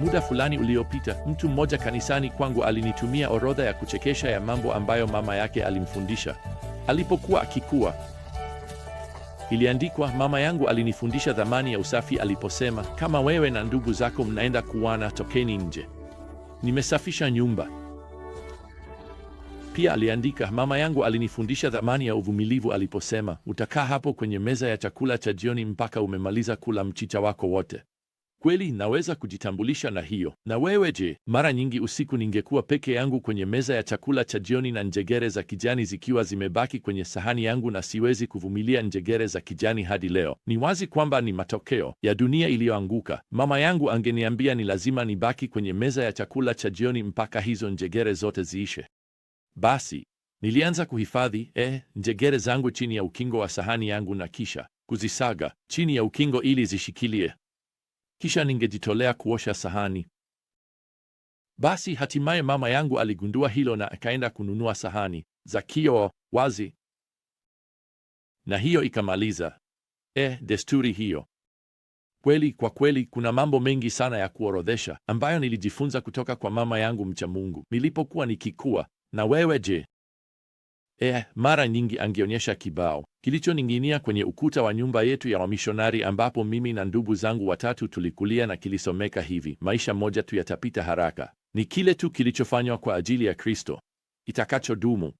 Muda fulani uliopita, mtu mmoja kanisani kwangu alinitumia orodha ya kuchekesha ya mambo ambayo mama yake alimfundisha alipokuwa akikua. Iliandikwa, mama yangu alinifundisha dhamani ya usafi aliposema, kama wewe na ndugu zako mnaenda kuwana, tokeni nje, nimesafisha nyumba. Pia aliandika, mama yangu alinifundisha dhamani ya uvumilivu aliposema, utakaa hapo kwenye meza ya chakula cha jioni mpaka umemaliza kula mchicha wako wote. Kweli naweza kujitambulisha na hiyo. Na wewe je? Mara nyingi usiku ningekuwa peke yangu kwenye meza ya chakula cha jioni na njegere za kijani zikiwa zimebaki kwenye sahani yangu, na siwezi kuvumilia njegere za kijani hadi leo. Ni wazi kwamba ni matokeo ya dunia iliyoanguka. Mama yangu angeniambia ni lazima nibaki kwenye meza ya chakula cha jioni mpaka hizo njegere zote ziishe. Basi nilianza kuhifadhi eh, njegere zangu chini ya ukingo wa sahani yangu na kisha kuzisaga chini ya ukingo ili zishikilie kisha ningejitolea kuosha sahani. Basi hatimaye mama yangu aligundua hilo na akaenda kununua sahani za kioo wazi, na hiyo ikamaliza e desturi hiyo. Kweli kwa kweli, kuna mambo mengi sana ya kuorodhesha ambayo nilijifunza kutoka kwa mama yangu mcha Mungu nilipokuwa nikikua. Na wewe je? E, mara nyingi angeonyesha kibao kilichoning'inia kwenye ukuta wa nyumba yetu ya wamishonari ambapo mimi na ndugu zangu watatu tulikulia na kilisomeka hivi: maisha moja tu yatapita haraka, ni kile tu kilichofanywa kwa ajili ya Kristo itakachodumu.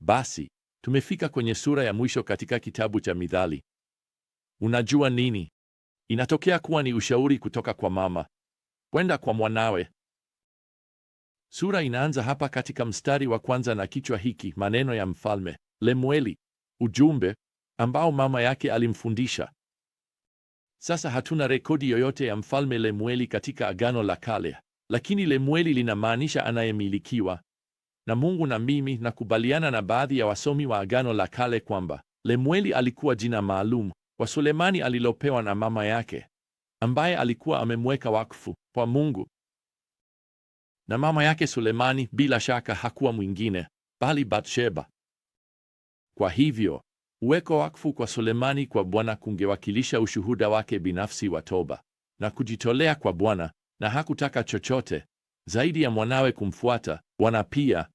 Basi tumefika kwenye sura ya mwisho katika kitabu cha Mithali. Unajua nini? Inatokea kuwa ni ushauri kutoka kwa mama kwenda kwa mwanawe. Sura inaanza hapa katika mstari wa kwanza na kichwa hiki, maneno ya mfalme Lemueli, ujumbe ambao mama yake alimfundisha. Sasa hatuna rekodi yoyote ya mfalme Lemueli katika Agano la Kale, lakini Lemueli linamaanisha anayemilikiwa na Mungu, na mimi nakubaliana na baadhi ya wasomi wa Agano la Kale kwamba Lemueli alikuwa jina maalum kwa Sulemani alilopewa na mama yake ambaye alikuwa amemweka wakfu kwa Mungu na mama yake Sulemani bila shaka hakuwa mwingine bali Bathsheba. Kwa hivyo uweko wakfu kwa Sulemani kwa Bwana kungewakilisha ushuhuda wake binafsi wa toba na kujitolea kwa Bwana, na hakutaka chochote zaidi ya mwanawe kumfuata Bwana pia.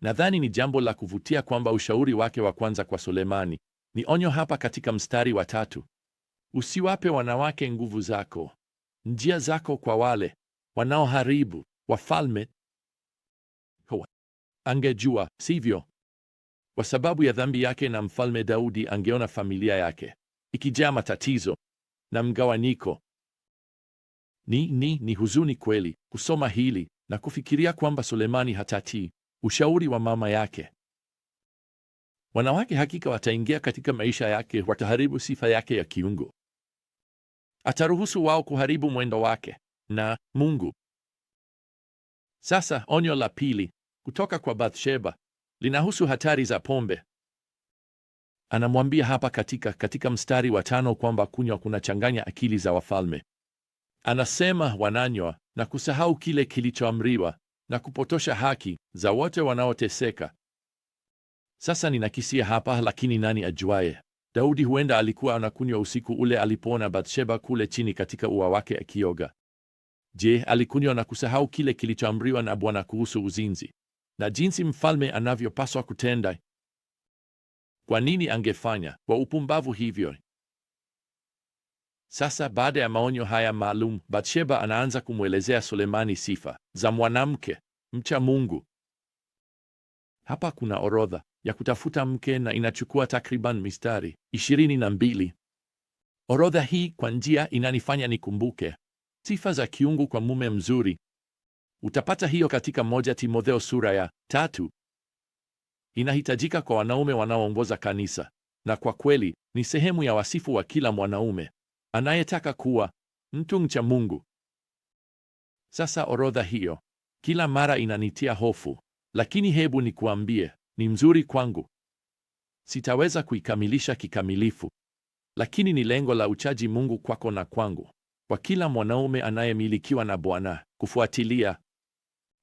Nadhani ni jambo la kuvutia kwamba ushauri wake wa kwanza kwa Sulemani ni onyo hapa katika mstari wa tatu: usiwape wanawake nguvu zako, njia zako kwa wale wanaoharibu wafalme. Angejua, sivyo? Kwa sababu ya dhambi yake na mfalme Daudi angeona familia yake ikijaa matatizo na mgawanyiko. Ni ni ni huzuni kweli kusoma hili na kufikiria kwamba Sulemani hatatii ushauri wa mama yake. Wanawake hakika wataingia katika maisha yake, wataharibu sifa yake ya kiungu. Ataruhusu wao kuharibu mwendo wake na Mungu. Sasa onyo la pili kutoka kwa Bathsheba linahusu hatari za pombe. Anamwambia hapa katika katika mstari wa tano kwamba kunywa kunachanganya akili za wafalme. Anasema wananywa na kusahau kile kilichoamriwa na kupotosha haki za wote wanaoteseka. Sasa ninakisia hapa, lakini nani ajuaye? Daudi huenda alikuwa anakunywa usiku ule alipoona Bathsheba kule chini katika ua wake akioga. Je, alikunywa na kusahau kile kilichoamriwa na Bwana kuhusu uzinzi na jinsi mfalme anavyopaswa kutenda? Kwa nini angefanya kwa upumbavu hivyo? Sasa baada ya maonyo haya maalum, Bathsheba anaanza kumwelezea Sulemani sifa za mwanamke mcha Mungu. Hapa kuna orodha ya kutafuta mke na inachukua takriban mistari 22 Orodha hii kwa njia inanifanya nikumbuke Sifa za kiungu kwa mume mzuri. Utapata hiyo katika moja Timotheo sura ya tatu. Inahitajika kwa wanaume wanaoongoza kanisa, na kwa kweli ni sehemu ya wasifu wa kila mwanaume anayetaka kuwa mtu mcha Mungu. Sasa orodha hiyo kila mara inanitia hofu, lakini hebu nikuambie, ni mzuri kwangu. Sitaweza kuikamilisha kikamilifu, lakini ni lengo la uchaji Mungu kwako na kwangu kwa kila mwanaume anayemilikiwa na Bwana. Kufuatilia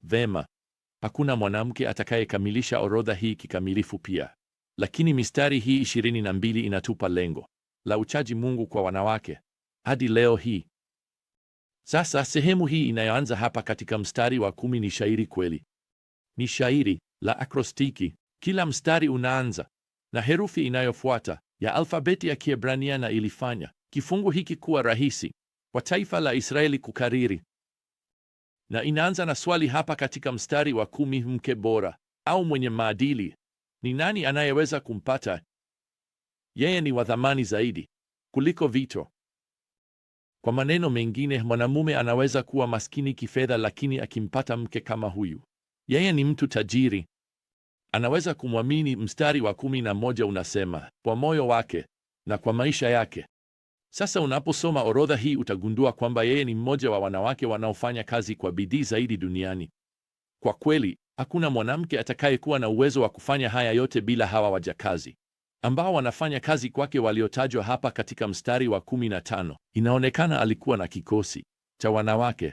vema, hakuna mwanamke atakayekamilisha orodha hii kikamilifu pia, lakini mistari hii 22 na inatupa lengo la uchaji Mungu kwa wanawake hadi leo hii. Sasa sehemu hii inayoanza hapa katika mstari wa kumi ni shairi kweli, ni shairi la akrostiki. Kila mstari unaanza na herufi inayofuata ya alfabeti ya Kiebrania na ilifanya kifungu hiki kuwa rahisi kwa taifa la Israeli kukariri, na inaanza na swali hapa katika mstari wa kumi: mke bora au mwenye maadili ni nani anayeweza kumpata? Yeye ni wa thamani zaidi kuliko vito. Kwa maneno mengine, mwanamume anaweza kuwa maskini kifedha, lakini akimpata mke kama huyu, yeye ni mtu tajiri, anaweza kumwamini. Mstari wa kumi na moja unasema kwa moyo wake na kwa maisha yake sasa unaposoma orodha hii utagundua kwamba yeye ni mmoja wa wanawake wanaofanya kazi kwa bidii zaidi duniani. Kwa kweli, hakuna mwanamke atakayekuwa na uwezo wa kufanya haya yote bila hawa wajakazi ambao wanafanya kazi kwake waliotajwa hapa katika mstari wa 15. Inaonekana alikuwa na kikosi cha wanawake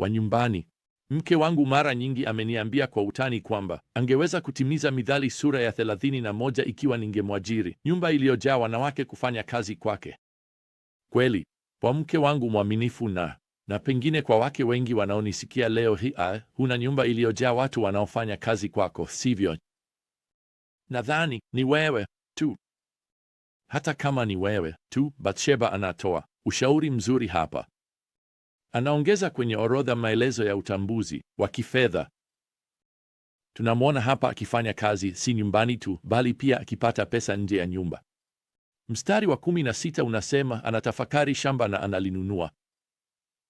wa nyumbani. Mke wangu mara nyingi ameniambia kwa utani kwamba angeweza kutimiza Mithali sura ya 31 ikiwa ningemwajiri nyumba iliyojaa wanawake kufanya kazi kwake kweli kwa mke wangu mwaminifu na na pengine kwa wake wengi wanaonisikia leo hii, ah, huna nyumba iliyojaa watu wanaofanya kazi kwako, sivyo? Nadhani ni wewe tu. Hata kama ni wewe tu, Bathsheba anatoa ushauri mzuri hapa. Anaongeza kwenye orodha maelezo ya utambuzi wa kifedha. Tunamwona hapa akifanya kazi si nyumbani tu, bali pia akipata pesa nje ya nyumba Mstari wa kumi na sita unasema anatafakari shamba na analinunua.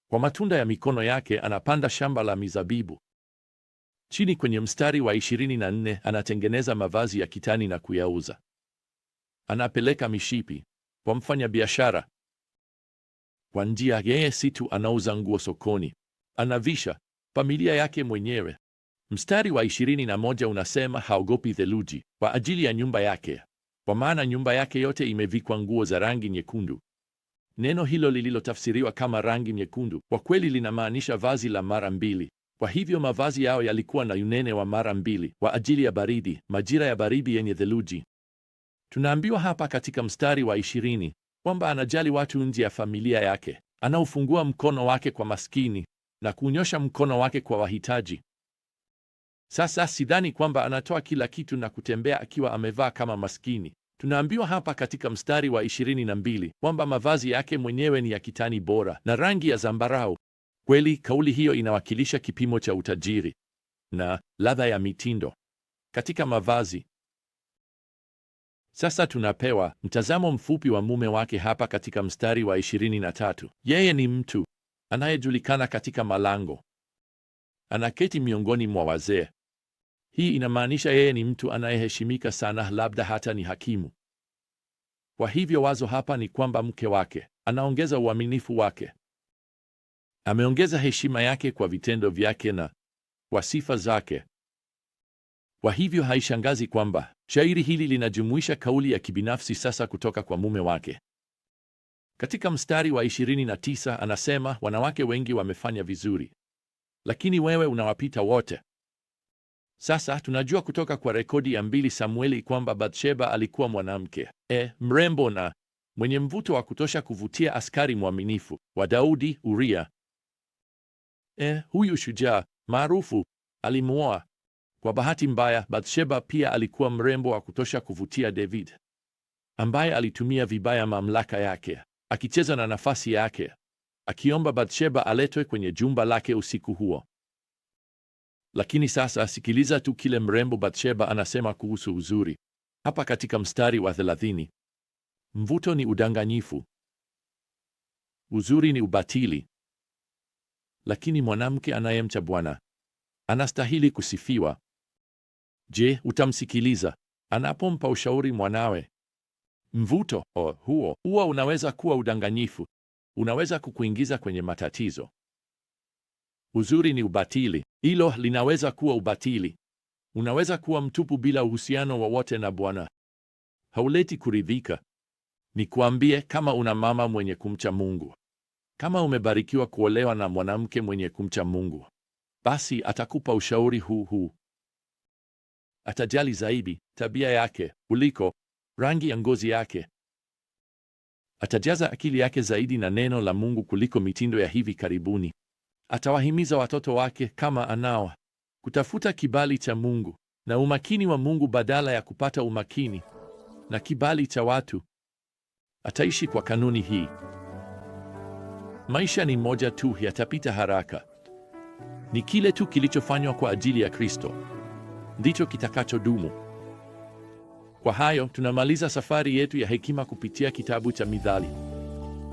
Kwa matunda ya mikono yake anapanda shamba la mizabibu. Chini kwenye mstari wa 24 anatengeneza mavazi ya kitani na kuyauza. Anapeleka mishipi kwa mfanya biashara Kwa njia, yeye si tu anauza nguo sokoni, anavisha familia yake mwenyewe. Mstari wa 21 unasema haogopi theluji kwa ajili ya nyumba yake, kwa maana nyumba yake yote imevikwa nguo za rangi nyekundu. Neno hilo lililotafsiriwa kama rangi nyekundu kwa kweli linamaanisha vazi la mara mbili. Kwa hivyo mavazi yao yalikuwa na unene wa mara mbili kwa ajili ya baridi, majira ya baridi yenye theluji. Tunaambiwa hapa katika mstari wa ishirini kwamba anajali watu nje ya familia yake, anaufungua mkono wake kwa maskini na kunyosha mkono wake kwa wahitaji. Sasa sidhani kwamba anatoa kila kitu na kutembea akiwa amevaa kama maskini. Tunaambiwa hapa katika mstari wa 22 kwamba mavazi yake mwenyewe ni ya kitani bora na rangi ya zambarau. Kweli kauli hiyo inawakilisha kipimo cha utajiri na ladha ya mitindo katika mavazi. Sasa tunapewa mtazamo mfupi wa mume wake hapa katika mstari wa 23. Yeye ni mtu anayejulikana katika malango, anaketi miongoni mwa wazee, hii inamaanisha yeye ni mtu anayeheshimika sana, labda hata ni hakimu. Kwa hivyo wazo hapa ni kwamba mke wake anaongeza uaminifu wake, ameongeza heshima yake kwa vitendo vyake na kwa sifa zake. Kwa hivyo haishangazi kwamba shairi hili linajumuisha kauli ya kibinafsi sasa kutoka kwa mume wake. Katika mstari wa 29 anasema, wanawake wengi wamefanya vizuri, lakini wewe unawapita wote. Sasa tunajua kutoka kwa rekodi ya mbili Samueli kwamba Bathsheba alikuwa mwanamke e mrembo na mwenye mvuto wa kutosha kuvutia askari mwaminifu wa Daudi Uria. E, huyu shujaa maarufu alimuoa. Kwa bahati mbaya, Bathsheba pia alikuwa mrembo wa kutosha kuvutia David, ambaye alitumia vibaya mamlaka yake, akicheza na nafasi yake, akiomba Bathsheba aletwe kwenye jumba lake usiku huo. Lakini sasa sikiliza tu kile mrembo Bathsheba anasema kuhusu uzuri hapa katika mstari wa thelathini: mvuto ni udanganyifu, uzuri ni ubatili, lakini mwanamke anayemcha Bwana anastahili kusifiwa. Je, utamsikiliza anapompa ushauri mwanawe? Mvuto o oh, huo huwa unaweza kuwa udanganyifu, unaweza kukuingiza kwenye matatizo. Uzuri ni ubatili. Hilo linaweza kuwa ubatili. Unaweza kuwa mtupu bila uhusiano wowote na Bwana. Hauleti kuridhika. Nikwambie, kama una mama mwenye kumcha Mungu, kama umebarikiwa kuolewa na mwanamke mwenye kumcha Mungu, basi atakupa ushauri huu huu. Atajali zaidi tabia yake kuliko rangi ya ngozi yake. Atajaza akili yake zaidi na neno la Mungu kuliko mitindo ya hivi karibuni atawahimiza watoto wake kama anawa kutafuta kibali cha Mungu na umakini wa Mungu badala ya kupata umakini na kibali cha watu. Ataishi kwa kanuni hii. Maisha ni moja tu, yatapita haraka. Ni kile tu kilichofanywa kwa ajili ya Kristo ndicho kitakachodumu. Kwa hayo tunamaliza safari yetu ya hekima kupitia kitabu cha Mithali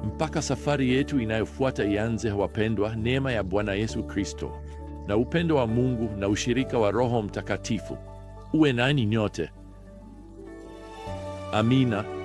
mpaka safari yetu inayofuata ianze. Wapendwa, neema ya Bwana Yesu Kristo na upendo wa Mungu na ushirika wa Roho Mtakatifu uwe nani nyote. Amina.